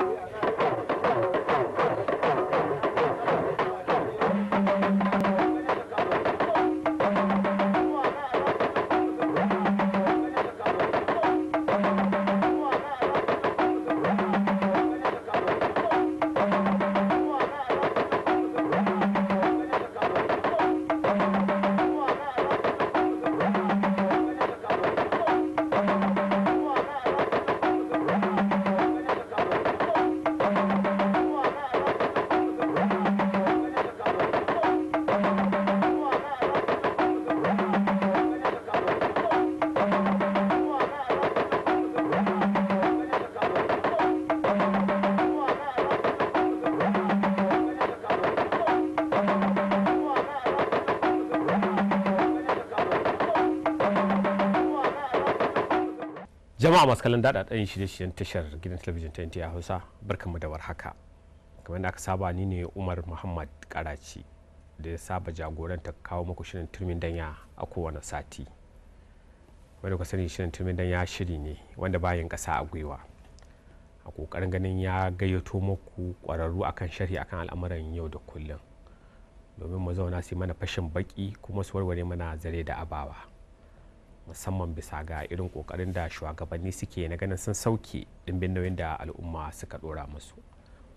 yeah, yeah. jama'a masu kallon daɗa ɗan shirye-shiryen tashar gidan talabijin ta ya hausa mu da haka kamar da aka saba ni ne umar muhammad karaci da ya saba jagoranta kawo muku shirin turmin danya a kowane sati wanda ku sani shirin turmin danya shiri ne wanda bayan ƙasa a gwiwa a kokarin ganin ya gayyato muku ƙwararru akan sharhi akan al'amuran yau da kullum domin mu zauna su mana fashin baki kuma su warware mana zare da abawa musamman bisa ga irin kokarin da shugabanni suke na ganin sun sauke dimbin nauyin da al'umma suka dora musu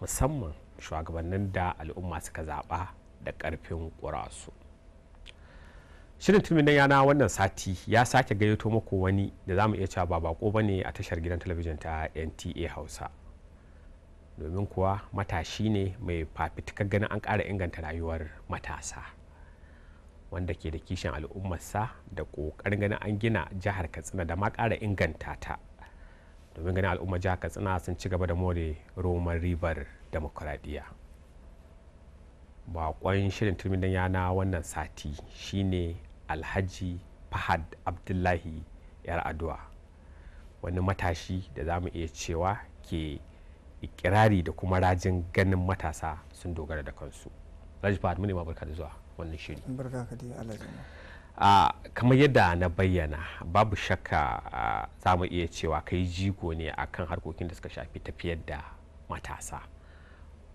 musamman shugabannin da al'umma suka zaba da karfin ƙurasu shirin turmin na yana wannan sati ya sake gayyato muku wani da zamu iya cewa ba bako ba ne a tashar gidan talabijin ta nta hausa domin kuwa matashi ne mai fafitukar ganin an ƙara inganta rayuwar matasa wanda ke da kishin al'ummarsa da ƙoƙarin ganin an gina jihar katsina da ma ƙara inganta ta domin ganin al'ummar jihar katsina sun ci gaba da more roman ribar demokuraɗiyya bakon shirin turmin yana wannan sati shine alhaji fahad abdullahi yar adu'a. wani matashi da za mu iya cewa ke ikirari da kuma rajin ganin matasa sun dogara da kansu rajin fahad mu ne ma barka da zuwa wani shiri a kamar yadda na bayyana babu shakka za mu iya cewa kai jigo ne a kan harkokin da suka shafi tafiyar da matasa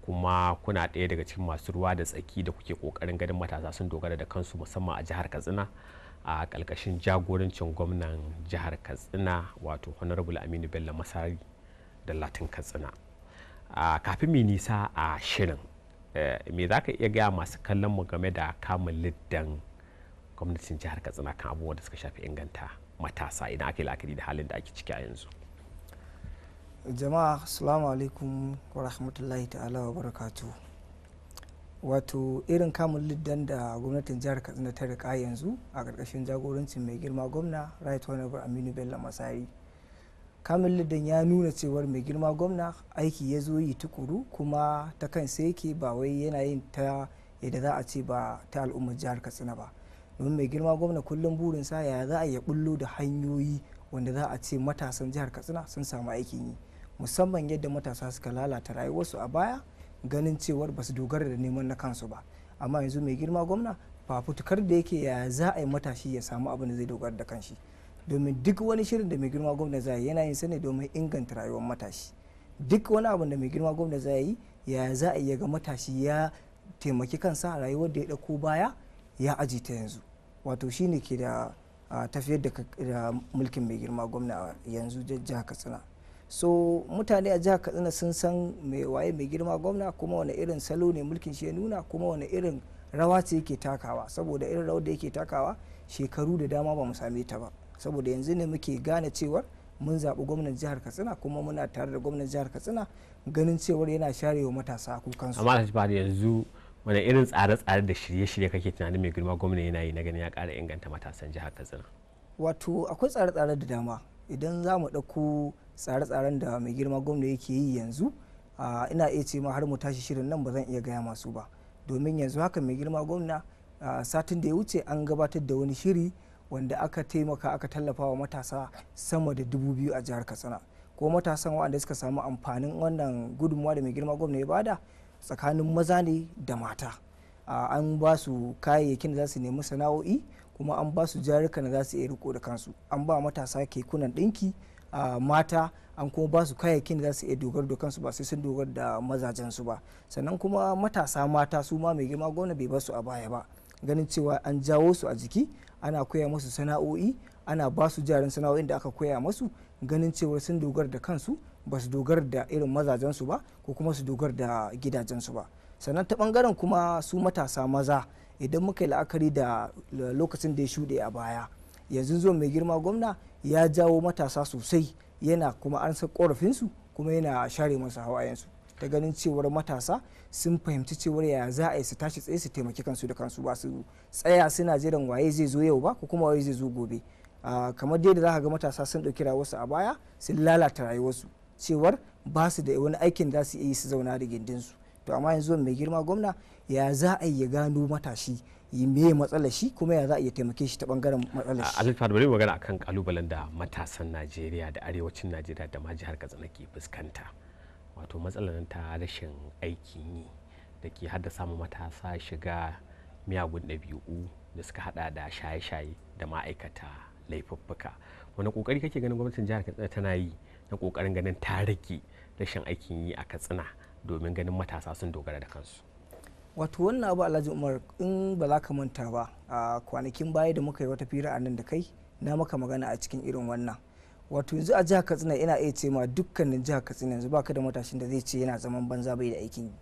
kuma kuna ɗaya daga cikin masu ruwa da tsaki da kuke ƙoƙarin ganin matasa sun dogara da kansu musamman a jihar katsina a ƙalƙashin jagorancin gwamnan jihar katsina wato honorable aminu bello masari da latin katsina kafin mai nisa a shirin Eh, me za ka iya gaya masu kallon mu game da kamun liddan gwamnatin jihar katsina kan abubuwan da suka shafi inganta matasa idan aka yi la'akari da halin da ake ciki a yanzu jama'a assalamu alaikum wa rahmatullahi ta'ala wa barakatu wato irin kamun liddan da gwamnatin jihar katsina ta rika yanzu a ƙarƙashin jagorancin mai girma gwamna right honorable aminu bello masari kamin lidan ya nuna cewar mai girma gwamna aiki ya zo yi tukuru kuma ta kan sai yake ba wai yana yin ta yadda za a ce ba ta al'ummar jihar katsina ba domin mai girma gwamna kullum burinsa ya za a ya bullo da hanyoyi wanda za a ce matasan jihar katsina sun samu aikin yi musamman yadda matasa suka lalata rayuwarsu a baya ganin cewar ba su dogara da neman na kansu ba amma yanzu mai girma gwamna fafutukar da yake ya za a yi matashi ya samu abin da zai dogara da kanshi domin duk wani shirin da mai girma gwamna zai yana yin sa ne domin inganta rayuwar matashi duk wani abin da mai girma gwamna zai yi ya za a iya ga matashi ya taimaki kansa a rayuwar da ya dauko baya ya aji ta yanzu wato shine ke da tafiyar da mulkin mai girma gwamna yanzu jihar katsina so mutane a jihar katsina sun san mai waye mai girma gwamna kuma wani irin salo ne mulkin shi ya nuna kuma wani irin rawa ce yake takawa saboda irin rawar da yake takawa shekaru da dama ba mu same ta ba saboda yanzu ne muke gane cewar mun zaɓi gwamnan jihar katsina kuma muna tare da gwamnan jihar katsina ganin cewar yana share wa matasa a kukansu amma alhaji yanzu wani irin tsare-tsare da shirye-shirye kake tunanin mai girma gwamna yana yi na ganin ya ƙara inganta matasan jihar katsina wato akwai tsare-tsare da dama idan za mu ɗauko tsare-tsaren da mai girma gwamna yake yi yanzu ina iya ce ma har mu tashi shirin nan ba zan iya gaya masu ba domin yanzu haka mai girma gwamna satin da ya wuce an gabatar da wani shiri wanda aka taimaka aka tallafa wa matasa sama da dubu biyu a jihar katsina ko matasan waɗanda suka samu amfanin wannan gudunmawa da mai girma gwamna ya bada tsakanin maza ne da mata an ba su kayayyakin da za su nemi sana'o'i kuma an ba su jarurruka da za su iya riko da kansu an ba matasa kekunan ɗinki mata an kuma ba su kayayyakin da za su iya dogaro da kansu ba sai sun dogara da mazajensu ba sannan kuma matasa mata su ma mai girma gwamna bai ba su a baya ba ganin cewa an jawo su a jiki ana koya musu sana'o'i ana ba su jarin sana'o'in da aka koya musu ganin cewa sun dogara da kansu ba su dogara da irin mazajensu ba ko kuma su dogara da gidajensu ba sannan ta bangaren kuma su matasa maza idan muka yi la'akari da lokacin da ya shuɗe a baya yanzu zuwa mai girma gwamna ya jawo matasa sosai yana kuma an san korafinsu kuma yana share masu hawayensu ta ganin cewar matasa sun fahimci cewar ya za a yi su tashi tsaye su taimaki kansu da kansu ba su tsaya suna jiran waye zai zo yau ba ko kuma waye zai zo gobe kamar dai da za ka ga matasa sun ɗauki rayuwarsu a baya sun lalata rayuwarsu cewar ba su da wani aikin da su yi su zauna da gindin su to amma yanzu mai girma gwamna ya za a yi ya gano matashi yi me matsala shi kuma ya za a iya taimake shi ta bangaren matsala shi alifad bari magana akan kalubalen da matasan najeriya da arewacin najeriya da ma jihar katsina ke fuskanta wato matsalar ta rashin aikin yi da ke haddasa mu matasa shiga miyagun ɗabi'u da suka hada da shaye-shaye da ma'aikata laifuffuka wani kokari kake ganin gwamnatin jihar katsina tana yi na kokarin ganin ta rage rashin aikin yi a katsina domin ganin matasa sun dogara da kansu wato wannan abu alhaji umar in ba za ka manta ba a kwanakin baya da muka yi wata fira a nan da kai na maka magana a cikin irin wannan wato yanzu a jihar katsina ina iya ce ma dukkanin jihar katsina yanzu baka da matashin da zai ce yana zaman banza bai da aikin yi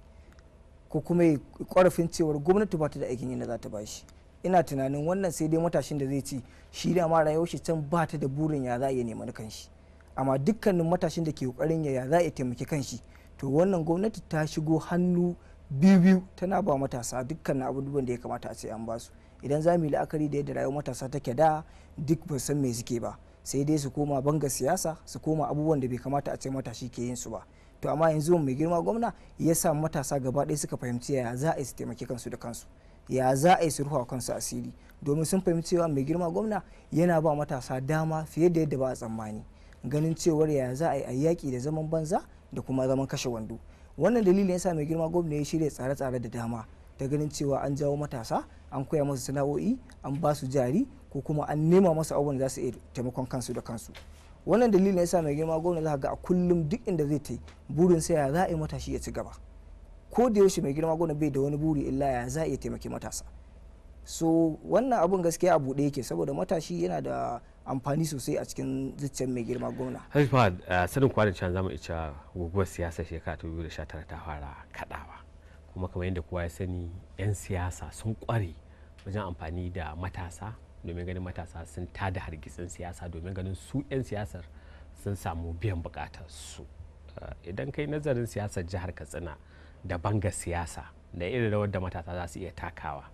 ko kuma korafin cewar gwamnati ba ta da aikin yi da za ta bashi ina tunanin wannan sai dai matashin da zai ce shi da ma rayuwar can ba ta da burin ya za iya nemi kanshi amma dukkanin matashin da ke kokarin ya ya za a taimaki kanshi to wannan gwamnati ta shigo hannu biyu biyu tana ba matasa dukkanin abubuwan da ya kamata a ce an basu idan za mu yi la'akari da yadda rayuwar matasa take da duk ba san me suke ba sai dai su koma banga siyasa su koma abubuwan da bai kamata a ce matashi ke yin su ba to amma yanzu mai girma gwamna ya sa matasa gaba ɗaya suka fahimci ya za a yi su taimaki kansu da kansu ya za a yi su rufa kansu asiri domin sun fahimci cewa mai girma gwamna yana ba matasa dama fiye da yadda ba a tsammani ganin cewar ya za a yi a yaƙi da zaman banza da kuma zaman kashe wando wannan dalilin ya sa mai girma gwamna ya shirya tsare-tsare da dama da ganin cewa an jawo matasa an koya masu sana'o'i an ba su jari ko kuma an nema masu abubuwan da za su iya taimakon kansu da kansu wannan dalilin yasa mai girma gwamna za ga a kullum duk inda zai ta burin sa ya za a yi matashi ya ci gaba ko da yaushe mai girma gwamna bai da wani buri illa ya za a iya taimaki matasa so wannan abun gaskiya a buɗe yake saboda matashi yana da amfani sosai a cikin zuciyar mai girma gwamna. Fahad, sanin kwanan can zamu iya guguwar siyasar shekara 2019 ta fara kaɗawa. kuma kamar yadda kowa ya sani 'yan siyasa sun kware wajen amfani da matasa domin ganin matasa sun tada hargitsin siyasa domin ganin su 'yan siyasar sun samu biyan bukatar su ah, idan kai nazarin siyasar jihar katsina da banga siyasa da irin rawar da matasa za su iya takawa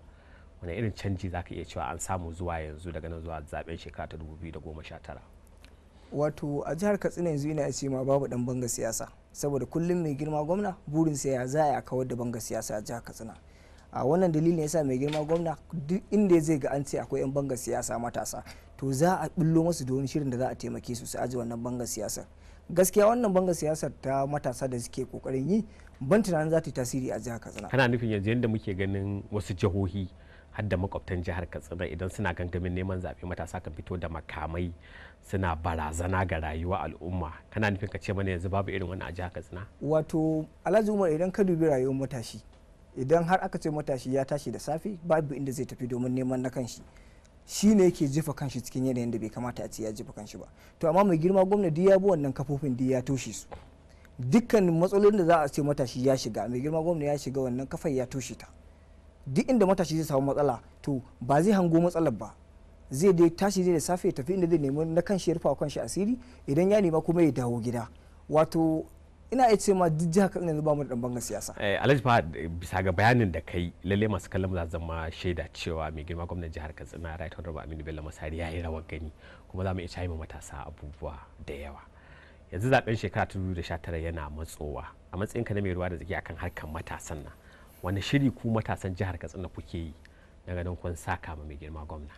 wani irin canji za ka iya cewa an samu zuwa yanzu daga nan zuwa zaben shekara ta 2019 wato a jihar katsina yanzu ina ce ma babu dan banga siyasa saboda kullum mai girma gwamna burin sa ya za a kawar da banga siyasa a jihar katsina a wannan dalilin yasa mai girma gwamna duk inda ya zai ga an ce akwai yan banga siyasa matasa to za a bullo masu da wani shirin da za a taimake su su aji wannan banga siyasar gaskiya wannan banga siyasar ta matasa da suke kokarin yi ban tunanin za ta yi tasiri a jihar katsina kana nufin yanzu yadda muke ganin wasu jihohi har da makwabtan jihar katsina idan suna gangamin neman zaɓe matasa kan fito da makamai suna barazana ga rayuwa al'umma kana nufin ka ce mana yanzu babu irin wani a jihar katsina wato alhaji umar idan ka dubi rayuwar matashi idan har aka ce matashi ya tashi da safe babu inda zai tafi domin neman na kanshi shi ne yake jifa kanshi cikin yanayin da bai kamata a ce ya jefa kanshi ba to amma mai girma gwamna gwamnati ya bi wannan kafofin da ya toshe su dukkan matsalolin da za a ce matashi ya shiga mai girma gwamna ya shiga wannan kafai ya toshe ta duk inda matashi zai samu matsala to ba zai hango matsalar ba zai dai tashi zai da safe tafi inda zai nemi na kanshi ya rufa kanshi asiri idan ya nema kuma ya dawo gida wato ina iya ce ma duk jihar yanzu ba mu da bangar siyasa eh, alhaji fa bisa ga bayanin da kai lalle masu kallon za zama shaida cewa mai girma gwamnan jihar katsina right honorable aminu bello masari ya yi rawar gani kuma za mu iya cayi matasa abubuwa da yawa yanzu zaben shekara 2019 yana matsowa a matsayin ka na mai ruwa da zaki akan harkar matasan nan wani shiri ku matasan jihar katsina kuke yi na ganin kun saka ma mai girma gwamna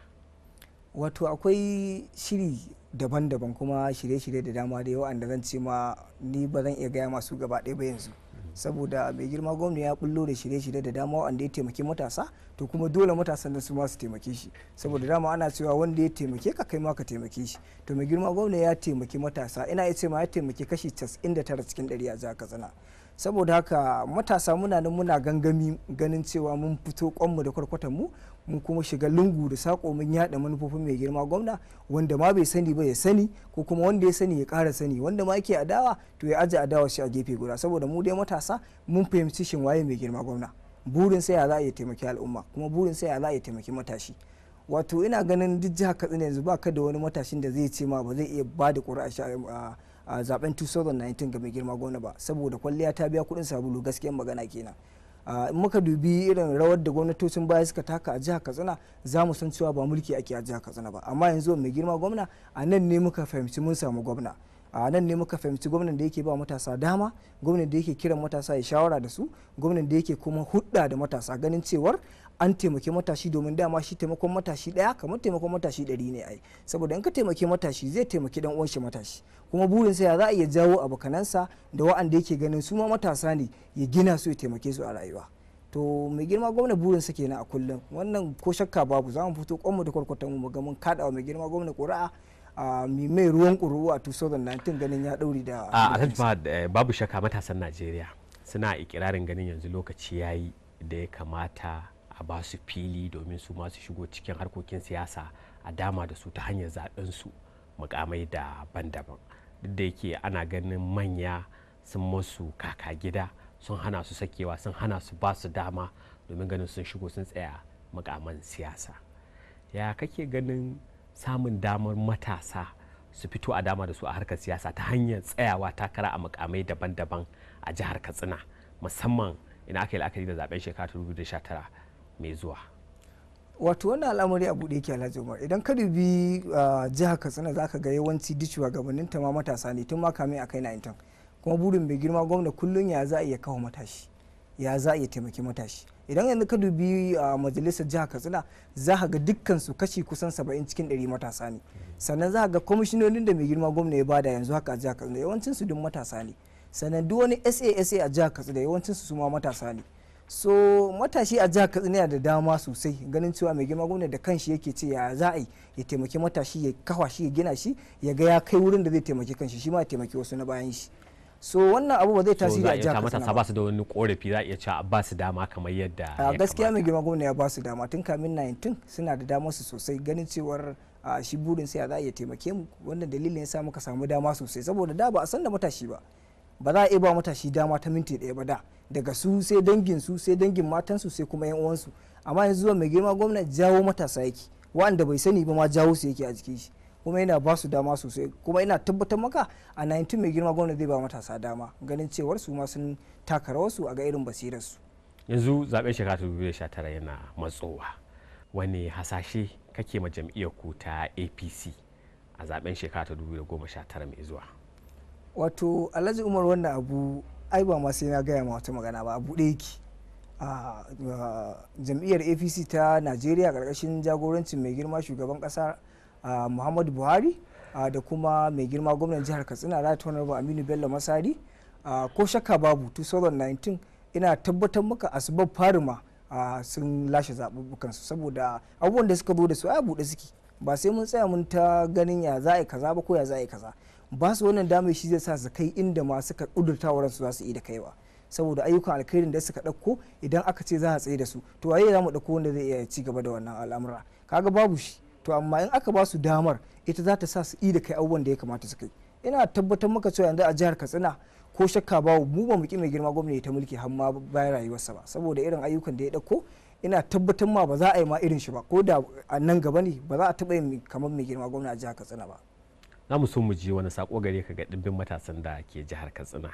wato akwai shiri daban-daban kuma shirye-shirye da dama da yawa da zan ce ma ni ba zan iya gaya masu gaba ɗaya ba yanzu saboda mai girma gwamna ya bullo da shirye-shirye da dama wanda ya taimaki matasa to kuma dole matasan nan su ma su taimake shi saboda dama ana cewa wanda ya taimake ka kai ma ka taimake shi to mai girma gwamna ya taimaki matasa ina ya ce ma ya taimaki kashi 99 cikin 100 a jihar katsina saboda haka matasa muna nan muna gangami ganin cewa mun fito kwanmu da kwarkwatan mu mun kuma shiga lungu da sako mun yada manufofin mai girma gwamna wanda ma bai sani ba ya sani ko kuma wanda ya sani ya kara sani wanda ma yake adawa to ya aje adawa shi a gefe guda saboda mu dai matasa mun fahimci shin waye mai girma gwamna burin sai ya za a iya taimaki al'umma kuma burin sai ya za a iya taimaki matashi wato ina ganin duk jihar katsina yanzu ba ka da wani matashin da zai ce ma ba zai iya ba da ƙuri'a a zaben 2019 ga mai girma gwamna ba saboda kwalliya ta biya kuɗin sabulu gaskiyan magana kenan in muka dubi irin rawar da gwamnatocin baya suka taka a jihar katsina za mu san cewa ba mulki ake a jihar katsina ba amma yanzu mai girma gwamna a nan ne muka fahimci mun samu gwamna a nan ne muka fahimci gwamnan da yake ba matasa dama gwamnan da yake kiran matasa ya shawara da su gwamnan da yake kuma hudda da matasa ganin cewar an taimake matashi domin dama shi taimakon matashi daya kamar taimakon matashi dari ne ai saboda in ka taimake matashi zai taimaki dan uwanshi matashi kuma burin sa ya za a iya jawo abokanansa da wa'anda yake ganin su ma matasa ne ya gina su ya taimake su a rayuwa to mai girma gwamna burin sa kenan a kullum wannan ko shakka babu za mu fito kwanmu da kwarkwatan mu ga mun kada mai girma gwamna ƙuri'a mai ruwan ƙuruwa a 2019 ganin ya ɗauri da eh, babu shaka matasan najeriya suna ikirarin ganin yanzu lokaci ya yi da ya kamata a ba su fili domin su masu shigo cikin harkokin siyasa a dama da su ta hanyar zaɓen su mukamai daban-daban duk da yake ana ganin manya sun masu kaka gida sun hana su sakewa sun hana su ba su dama domin ganin sun shigo sun tsaya mukaman siyasa ya kake ganin samun damar matasa su fito a dama da su a harkar siyasa ta hanyar tsayawa takara a mukamai daban-daban a jihar katsina musamman ina aka yi la'akari da zaben shekara 2019 mai zuwa wato wannan al'amari a bude yake alhaji umar idan ka dubi ah, jihar katsina zaka ga yawanci duk shugabannin ta ma matasa ne tun ma kamin a kai na intan kuma burin mai girma gwamna kullum ya za a iya kawo matashi ya za a iya taimaki matashi idan yanzu ka dubi a majalisar jihar katsina za ka ga dukkan su kashi kusan saba'in cikin 100 matasa ne sannan za ka ga kwamishinonin da mai girma gwamna ya bada yanzu haka a jihar katsina yawancin su duk matasa ne sannan duk wani sasa a jihar katsina yawancin su ma matasa ne so matashi a jihar katsina yana da dama sosai ganin cewa mai girma gwamna da kanshi yake ce ya za a yi ya taimaki matashi ya kawa shi ya gina shi ya ga ya kai wurin da zai taimaki kanshi shi ma ya taimaki wasu na bayan shi so wannan abu ba zai tasiri a jihar Katsina ba. su da wani korafi za a iya cewa ba su dama kamar yadda ya kamata gaskiya mai girma gwamna ya ba su dama tun kamin 19 suna da dama su sosai ganin cewar a shi burin sai za a iya taimake mu wannan dalilin sa muka samu dama sosai saboda da ba a san da matashi ba ba za a iya ba matashi dama ta minti daya ba da daga su sai dangin su sai dangin matan su sai kuma yan uwansu amma yanzu zuwa mai girma gwamna jawo matasa yake wa'anda bai sani ba ma jawo su yake a jikin shi kuma yana ba su dama sosai kuma ina tabbatar maka a 19 mai girma gwamnati zai ba matasa dama ganin cewar su ma sun taka su a ga irin basirarsu yanzu zaɓen shekara 2019 yana matsowa wani hasashe kake ma jam'iyyar ku ta apc a zaben shekara ta 2019 mai zuwa wato alhaji umar wannan abu ai ba ma sai na gaya ma wata magana ba abu buɗe ki a jam'iyyar apc ta najeriya ƙarƙashin jagorancin mai girma shugaban ƙasa muhammadu buhari da kuma mai girma gwamnan jihar katsina right honorable aminu bello masari ko shakka babu 2019 ina tabbatar maka asibar farima sun lashe zaɓuɓɓukansu saboda abubuwan da suka zo da su a buɗe suke ba sai mun tsaya mun ta ganin ya za a kaza ba ko ya za a kaza ba su wannan damar shi zai sa su kai inda ma suka ƙudurta waransu za su yi da kaiwa saboda ayyukan alkhairin da suka ɗauko idan aka ce za a tsaye da su to waye za mu ɗauko wanda zai iya ci gaba da wannan al'amura kaga babu shi to amma in aka ba su damar ita za ta sa su da kai abubuwan da ya kamata su kai ina tabbatar maka cewa yanzu a jihar katsina ko shakka bawo mu ba mu ki mai girma gwamnati ta mulki har ma bayan rayuwarsa ba saboda irin ayyukan da ya dauko ina tabbatar ma ba za a yi ma irin shi ba ko da a nan gaba ne ba za a taba yin kamar mai girma gwamna a jihar katsina ba za mu so mu je wani sako gare ka ga dimbin matasan da ke jihar katsina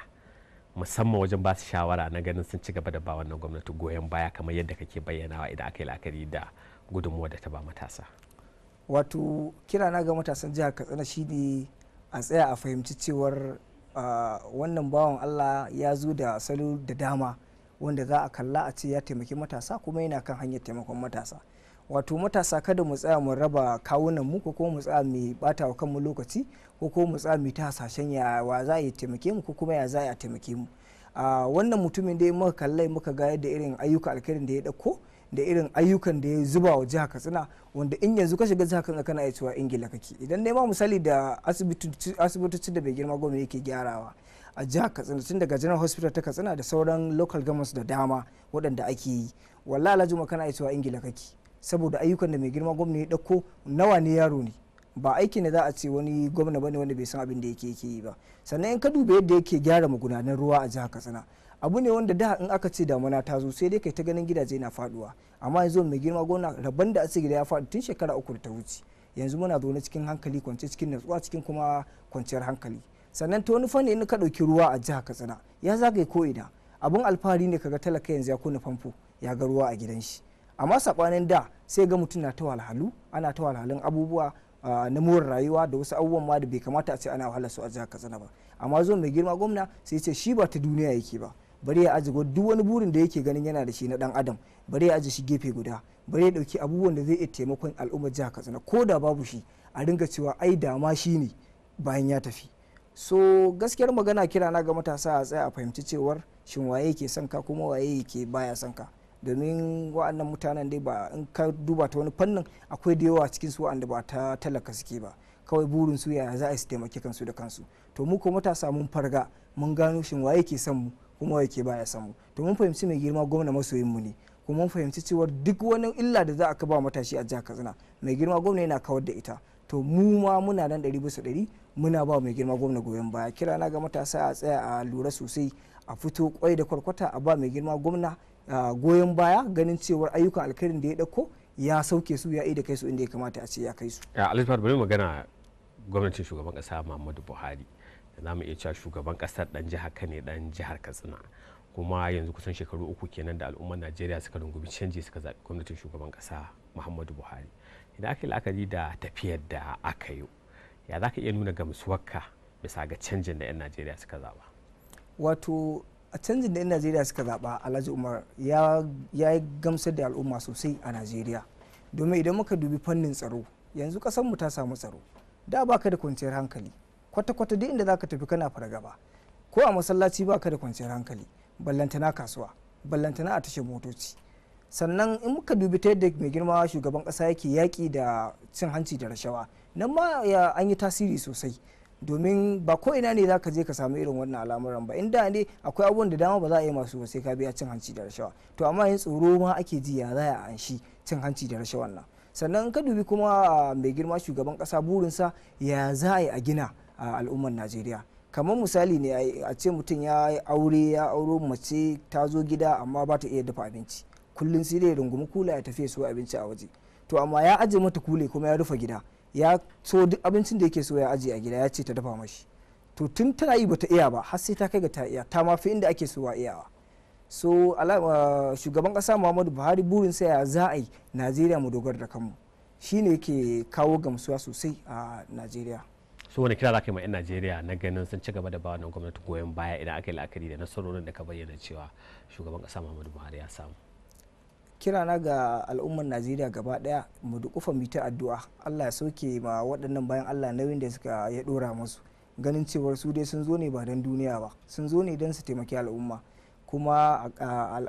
musamman wajen ba su shawara na ganin sun ci gaba da ba wannan gwamnati goyon baya kamar yadda kake bayyanawa idan aka yi la'akari da gudunmuwa da ta ba matasa wato kira na ga matasan jihar katsina shine a tsaya a fahimci cewar wannan bawan allah ya zo da salo da dama wanda za a kalla a ce ya taimaki matasa kuma yana kan hanyar taimakon matasa wato matasa kada mu tsaya mu raba kawunan mu ko kuma mu tsaya mu bata wa kanmu lokaci ko kuma mu tsaya mu ta hasashen ya wa za a taimake mu ko kuma ya za a taimake mu wannan mutumin dai muka kalla muka ga yadda irin ayyuka alkhairin da ya dauko da irin ayyukan da ya zuba wa jihar katsina wanda in yanzu ka shiga jihar katsina kana iya cewa ingila kake idan nema misali da asibitocin da bai girma goma yake gyarawa a jihar katsina tun daga general hospital ta katsina da sauran local governments da dama waɗanda ake yi wallahi alhaji kana iya cewa ingila kake saboda ayyukan da mai girma gwamna ya ɗauko nawa ne yaro ne ba aiki ne za a ce wani gwamna bane wanda bai san abin da yake yake yi ba sannan in ka duba yadda yake gyara magudanan ruwa a jihar katsina abu ne wanda da in aka ce damuna ta zo sai dai kai ta ganin gidaje na faduwa amma yanzu mai girma gona rabban da ace gida ya fadi tun shekara uku da ta wuce yanzu muna zaune cikin hankali kwance cikin natsuwa cikin kuma kwanciyar hankali sannan ta wani fanni in ka ɗauki ruwa a jiha katsina ya zagaye ko ina abun alfahari ne kaga talaka yanzu ya kuna famfo ya ga ruwa a gidan shi amma saɓanin da sai ga mutum na ta walhalu ana ta walhalun abubuwa na more rayuwa da wasu abubuwan ma da bai kamata a ce ana wahala su a jihar katsina ba amma zo mai girma gwamna sai ce shi ba ta duniya yake ba bari ya ajiye duk wani burin da yake ganin yana da shi na dan adam bari ya aji shi gefe guda bari ya dauki abubuwan da zai iya taimakon al'ummar jihar katsina ko da babu shi a ringa cewa ai dama shi ne bayan ya tafi so gaskiyar magana kira na ga matasa a tsaya a fahimci cewar shin waye ke son ka kuma waye ke baya son ka domin wa'annan mutanen dai ba in ka duba ta wani fannin akwai da yawa cikin su wa'anda ba ta talaka suke ba kawai burin su yaya za a su taimaki kansu da kansu to mu ko matasa mun farga mun gano shin waye ke son mu kuma yake baya samu to mun fahimci mai girma gwamna masoyin mu ne kuma mun fahimci cewa duk wani illa da za a kaba matashi a jihar katsina mai girma gwamna yana kawar da ita to mu ma muna nan ɗari bisa ɗari muna ba mai girma gwamna goyon baya kira na ga matasa a tsaya a lura sosai a fito kwai da kwarkwata a ba mai girma gwamna goyon baya ganin cewar ayyukan alkhairin da ya ɗauko ya sauke su ya da kai su inda ya kamata a ce ya kai su. Alhaji bari magana gwamnatin shugaban kasa muhammadu buhari da zamu iya cewa shugaban kasar dan jihar kane dan jihar katsina kuma yanzu kusan shekaru uku kenan da al'ummar najeriya suka rungumi canji suka zaɓi gwamnatin shugaban kasa muhammadu buhari idan aka yi la'akari da tafiyar da aka yi ya za iya nuna gamsuwarka bisa ga canjin da 'yan najeriya suka zaɓa wato a canjin da 'yan najeriya suka zaɓa alhaji umar ya yi gamsar da al'umma sosai a najeriya domin idan muka dubi fannin tsaro yanzu mu ta samu tsaro da baka da kwanciyar hankali kwata-kwata duk inda zaka tafi kana fargaba ko a masallaci baka da kwanciyar hankali ballantana kasuwa ballantana a tashar motoci sannan in muka dubi ta yadda mai girma shugaban kasa yake yaki da cin hanci da rashawa nan ma ya an yi tasiri sosai domin ba ko ina ne zaka je ka samu irin wannan al'amuran ba inda ne akwai abubuwan da dama ba za a yi masu ba sai ka biya cin hanci da rashawa to amma yin tsoro ma ake ji ya za a anshi cin hanci da rashawan nan sannan ka dubi kuma ah, mai girma shugaban kasa burinsa ya za a yi a gina ah, al'ummar najeriya kamar misali ne a ce mutum ya yi aure ya auro mace ta zo gida amma ba ta iya dafa abinci kullum sai dai rungumi kula ya tafi so abinci a waje to amma ya ajiye mata kule kuma ya rufe gida ya so duk abincin da yake so ya ajiye a gida ya ce ta dafa mashi to tun tana yi bata iya ba har sai ta kai ga ta iya ta ma fi inda ake so wa iyawa so uh, shugaban kasa muhammadu buhari burin sai ya za a yi najeriya mu dogara da kanmu shine yake kawo gamsuwa sosai a najeriya so wani kira zaka yi ma 'yan najeriya na ganin sun ci gaba da ba wannan gwamnati goyon baya idan aka yi la'akari da nasarorin da ka bayyana cewa shugaban kasa muhammadu buhari ya samu kirana ga al'ummar najeriya gaba daya mu duk kufa ta addu'a allah ya sauke ma waɗannan bayan allah nauyin da suka ya dora musu ganin cewar su dai sun zo ne ba don duniya ba sun zo ne don su taimaki al'umma kuma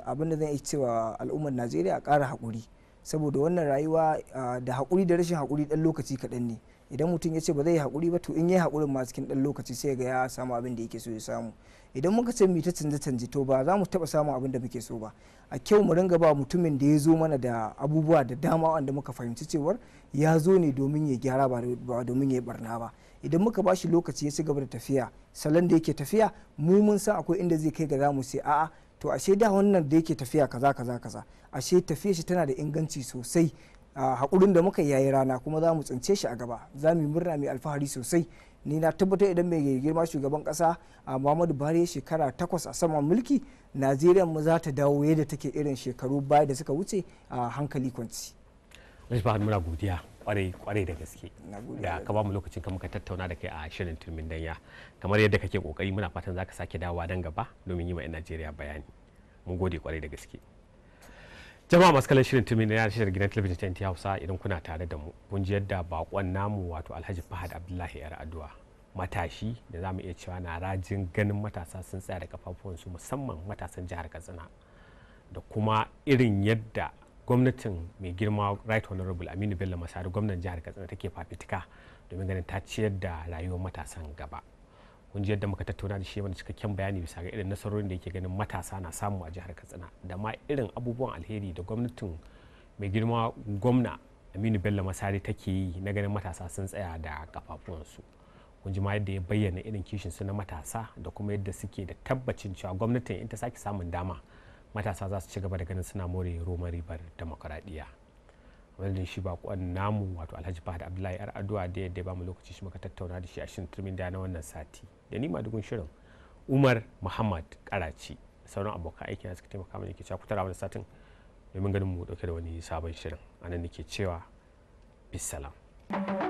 abin da zan iya cewa al'ummar najeriya a kara haƙuri saboda wannan rayuwa da haƙuri da rashin haƙuri dan lokaci kaɗan ne idan mutum ya ce ba zai yi haƙuri ba to in yi haƙurin ma cikin ɗan lokaci sai ga ya samu abin da yake so ya samu idan muka ce mu ta canje canje to ba za mu taɓa samun abin da muke so ba a kyau mu ringa ba mutumin da ya zo mana da abubuwa da dama wanda muka fahimci cewar ya zo ne domin ya gyara ba domin ya yi barna ba idan muka bashi lokaci ya ci gaba da tafiya salon da yake tafiya mu mun san akwai inda zai kai ga mu sai a'a to ashe da wannan da yake tafiya kaza kaza kaza ashe tafiya shi tana da inganci sosai hakurin da muka yayi rana kuma za mu tsince shi a gaba za mu yi murna mai alfahari sosai ni na tabbatar idan mai girma shugaban kasa a muhammadu buhari shekara takwas a saman mulki najeriya mu za ta dawo yadda take irin shekaru baya da suka wuce a hankali kwanci. muna godiya. kwarai kwarai da gaske da ka ba mu lokacin ka muka tattauna da kai a shirin turmin danya kamar yadda kake kokari muna fatan zaka sake dawowa dan gaba domin yi ma yan Najeriya bayani mun gode kwarai da gaske jama'a masu kallon shirin turmin danya shirin gidan talabijin ta Hausa idan kuna tare da mu kun ji yadda bakon namu wato Alhaji Fahad Abdullahi Yar Addu'a matashi da za mu iya cewa na rajin ganin matasa sun tsaya da kafafuwansu musamman matasan jihar Katsina da kuma irin yadda gwamnatin mai girma right honorable aminu bello masari gwamnan jihar katsina take fafitika domin ganin ta ciyar da rayuwar matasan gaba kun ji yadda muka tattauna da shi mana cikakken bayani bisa ga irin nasarorin da yake ganin matasa na samu a jihar katsina da ma irin abubuwan alheri da gwamnatin mai girma gwamna aminu bello masari take yi na ganin matasa sun tsaya da kafafuwansu kun ji ma yadda ya bayyana irin kishin su na matasa da kuma yadda suke da tabbacin cewa gwamnatin in ta sake samun dama matasa za su ci gaba da ganin suna more roma ribar demokuraɗiyya wadda shi ba kwan namu wato alhaji fahad abdullahi yar addu'a da yadda ba mu lokaci shi maka tattauna da shi a shirin turmin da na wannan sati da ni ma dugun shirin umar muhammad karaci sauran abokan aiki na suka taimaka mana ke cakutara wani satin domin ganin mu dauke da wani sabon shirin anan nake cewa bisalam thank you